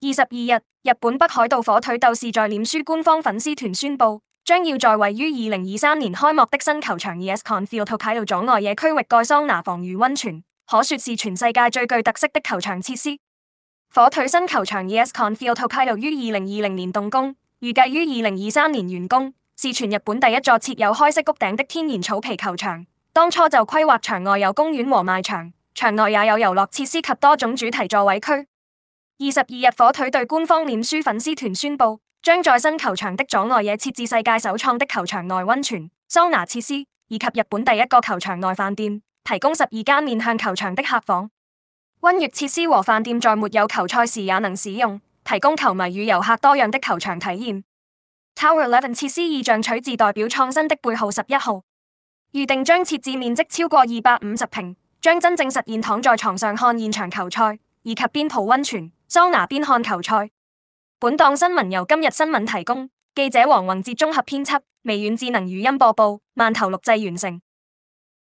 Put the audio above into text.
二十二日，日本北海道火腿鬥士在臉書官方粉絲團宣布，將要在位於二零二三年開幕的新球場 ES CON FIELD HOKKAIDO 左外野區域蓋桑拿房與溫泉，可說是全世界最具特色的球場設施。火腿新球場 ES CON FIELD HOKKAIDO 於二零二零年動工，預計於二零二三年完工，是全日本第一座設有開式屋頂的天然草皮球場。當初就規劃場外有公園和賣場，場內也有遊樂設施及多種主題座位區。二十二日，火腿隊官方臉書粉絲團宣布，將在新球場的左外野設置世界首創的球場內溫泉、桑拿設施，以及日本第一個球場內飯店，提供十二間面向球場的客房、溫熱設施和飯店，在沒有球賽時也能使用，提供球迷與遊客多樣的球場體驗。Tower Eleven 設施意象取自代表創新的背號十一號，預定將設置面積超過二百五十平，將真正實現躺在床上看現場球賽，以及邊泡溫泉。桑拿邊看球賽，本檔新聞由今日新聞提供，記者黃宏哲綜合編輯，微軟智能語音播報，饅頭錄製完成。